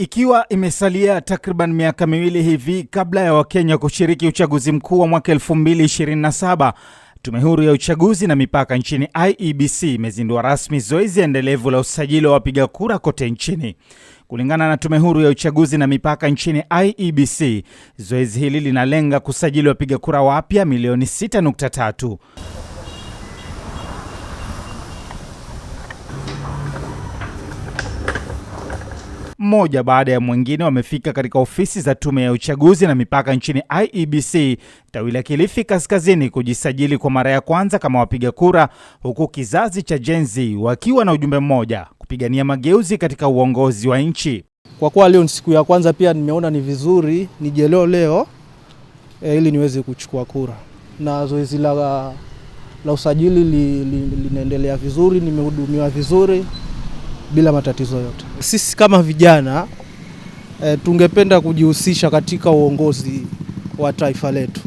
Ikiwa imesalia takriban miaka miwili hivi kabla ya Wakenya kushiriki uchaguzi mkuu wa mwaka 2027, Tume Huru ya Uchaguzi na Mipaka nchini IEBC imezindua rasmi zoezi endelevu la usajili wa wapiga kura kote nchini. Kulingana na Tume Huru ya Uchaguzi na Mipaka nchini IEBC, zoezi hili linalenga kusajili wapiga kura wapya milioni 6.3. mmoja baada ya mwingine wamefika katika ofisi za Tume ya Uchaguzi na Mipaka nchini IEBC tawi la Kilifi Kaskazini kujisajili kwa mara ya kwanza kama wapiga kura, huku kizazi cha Gen Z wakiwa na ujumbe mmoja, kupigania mageuzi katika uongozi wa nchi. Kwa kuwa leo ni siku ya kwanza, pia nimeona ni vizuri nijeleo leo e, ili niweze kuchukua kura na zoezi la, la usajili linaendelea li, li, vizuri. Nimehudumiwa vizuri bila matatizo yote. Sisi kama vijana e, tungependa kujihusisha katika uongozi wa taifa letu.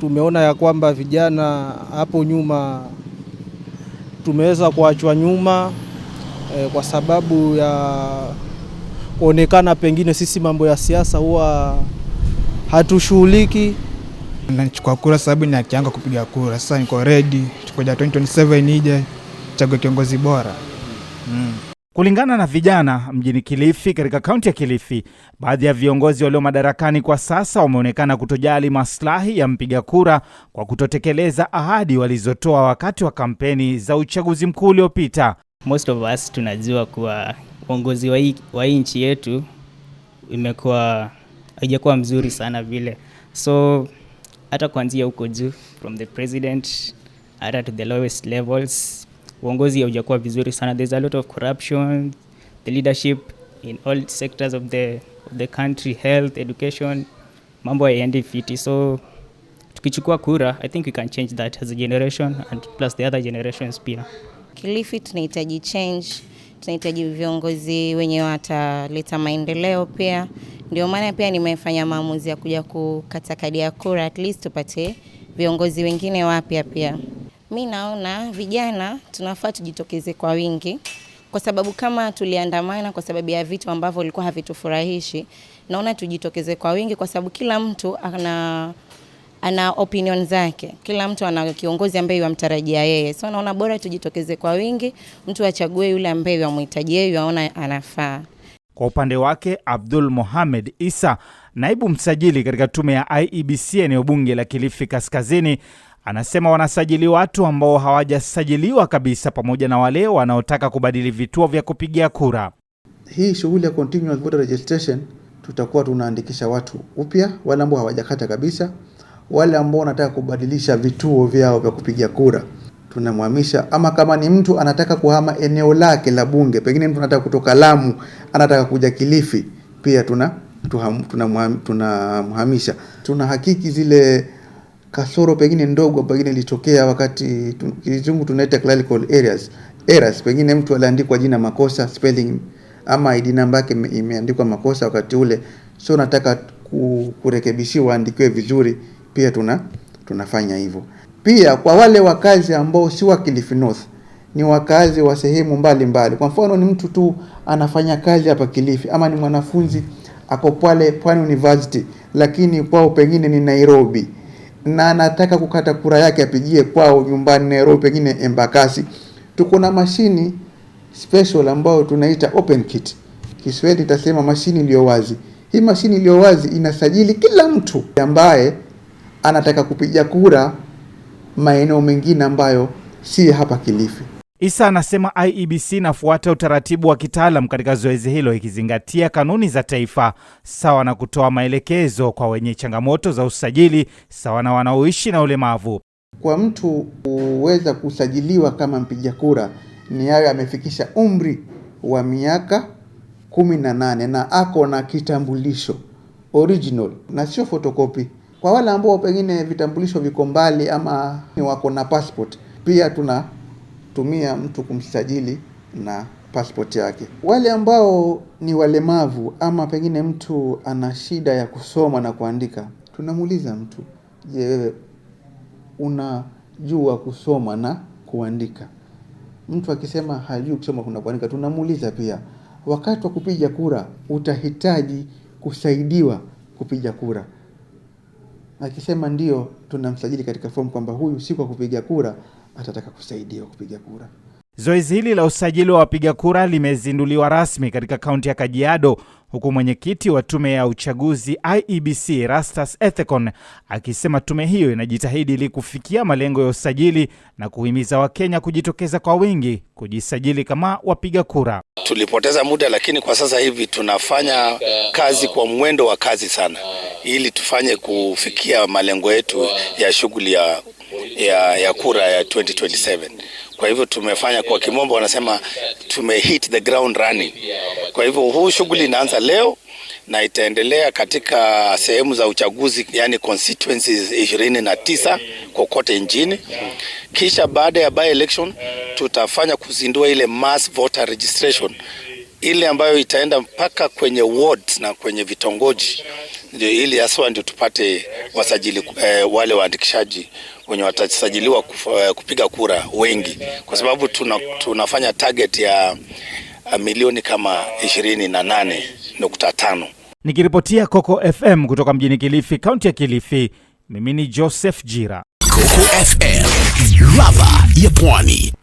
Tumeona ya kwamba vijana hapo nyuma tumeweza kuachwa nyuma e, kwa sababu ya kuonekana pengine sisi mambo ya siasa huwa hatushughuliki. Nachukua kura sababu ni haki yangu kupiga kura. Sasa niko ready, tukoja 2027 ije chague kiongozi bora mm. Kulingana na vijana mjini Kilifi katika kaunti ya Kilifi, baadhi ya viongozi walio madarakani kwa sasa wameonekana kutojali maslahi ya mpiga kura kwa kutotekeleza ahadi walizotoa wakati wa kampeni za uchaguzi mkuu uliopita. Most of us tunajua kuwa uongozi wa hii nchi yetu imekuwa haijakuwa mzuri sana vile, so hata kuanzia huko juu from the president hata to the lowest levels uongozi haujakuwa vizuri sana. There's a lot of corruption, the leadership in all sectors of the, of the country, health, education, mambo hayaendi fiti. So tukichukua kura, I think we can change that as a generation and plus the other generations pia. Kilifi tunahitaji change, tunahitaji viongozi wenye wataleta maendeleo pia. Ndio maana pia nimefanya maamuzi ya kuja kukata kadi ya kura, at least tupate viongozi wengine wapya pia mi naona vijana tunafaa tujitokeze kwa wingi, kwa sababu kama tuliandamana kwa sababu ya vitu ambavyo vilikuwa havitufurahishi, naona tujitokeze kwa wingi, kwa sababu kila mtu ana ana opinion zake, kila mtu ana kiongozi ambaye yamtarajia yeye. So naona bora tujitokeze kwa wingi, mtu achague yule ambaye yamhitaji yeye, yaona anafaa. Kwa upande wake Abdul Mohamed Isa, naibu msajili katika tume ya IEBC eneo bunge la Kilifi Kaskazini, Anasema wanasajili watu ambao hawajasajiliwa kabisa pamoja na wale wanaotaka kubadili vituo vya kupigia kura. Hii shughuli ya continuous voter registration, tutakuwa tunaandikisha watu upya, wale ambao hawajakata kabisa, wale ambao wanataka kubadilisha vituo vyao vya kupigia kura tunamhamisha, ama kama ni mtu anataka kuhama eneo lake la bunge, pengine mtu anataka kutoka Lamu anataka kuja Kilifi, pia tuna tunamhamisha. Tuna, tuna, tuna hakiki zile kasoro pengine ndogo pengine ilitokea wakati kizungu tunaita clerical errors. Errors pengine mtu aliandikwa jina makosa spelling ama ID namba yake imeandikwa makosa wakati ule, so nataka kurekebishiwa andikiwe vizuri, pia tuna tunafanya hivyo. Pia kwa wale wakazi ambao si wa Kilifi North, ni wakazi wa sehemu mbalimbali. Kwa mfano ni mtu tu anafanya kazi hapa Kilifi ama ni mwanafunzi ako pale Pwani University, lakini kwao pengine ni Nairobi na anataka kukata kura yake apigie kwao nyumbani Nairobi, pengine Embakasi, tuko na mashini special ambayo tunaita open kit, Kiswahili itasema mashini iliyo wazi. Hii mashini iliyo wazi inasajili kila mtu ambaye anataka kupiga kura maeneo mengine ambayo si hapa Kilifi. Isa anasema IEBC inafuata utaratibu wa kitaalam katika zoezi hilo ikizingatia kanuni za taifa, sawa na kutoa maelekezo kwa wenye changamoto za usajili, sawa na wanaoishi na ulemavu. Kwa mtu huweza kusajiliwa kama mpiga kura ni ayo amefikisha umri wa miaka kumi na nane na ako na kitambulisho original na sio fotokopi. Kwa wale ambao pengine vitambulisho viko mbali ama wako na passport, pia tuna kutumia mtu kumsajili na passport yake. Wale ambao ni walemavu ama pengine mtu ana shida ya kusoma na kuandika, tunamuuliza mtu, je, wewe unajua kusoma na kuandika? Mtu akisema hajui kusoma na kuandika, tunamuuliza pia, wakati wa kupiga kura utahitaji kusaidiwa kupiga kura. Akisema ndio, tunamsajili katika fomu kwamba huyu si kwa kupiga kura, atataka kusaidia kupiga kura. Zoezi hili la usajili wa wapiga kura limezinduliwa rasmi katika kaunti ya Kajiado, huku mwenyekiti wa tume ya uchaguzi IEBC rastas Ethekon akisema tume hiyo inajitahidi ili kufikia malengo ya usajili na kuhimiza Wakenya kujitokeza kwa wingi kujisajili kama wapiga kura. Tulipoteza muda, lakini kwa sasa hivi tunafanya kazi kwa mwendo wa kazi sana, ili tufanye kufikia malengo yetu ya shughuli ya ya, ya kura ya 2027. Kwa hivyo tumefanya kwa kimombo wanasema hit the ground running. Kwa hivyo huu shughuli inaanza leo na itaendelea katika sehemu za uchaguzi yani constituencies ishirini na tisa kokote nchini. Kisha baada ya by election tutafanya kuzindua ile mass voter registration ile ambayo itaenda mpaka kwenye wards na kwenye vitongoji, ndio ili haswa ndio tupate wasajili eh, wale waandikishaji wenye watasajiliwa eh, kupiga kura wengi, kwa sababu tuna, tunafanya target ya eh, milioni kama ishirini na nane nukta tano. Nikiripotia Coco FM kutoka mjini Kilifi, kaunti ya Kilifi, mimi ni Joseph Jira, Coco FM, ladha ya Pwani.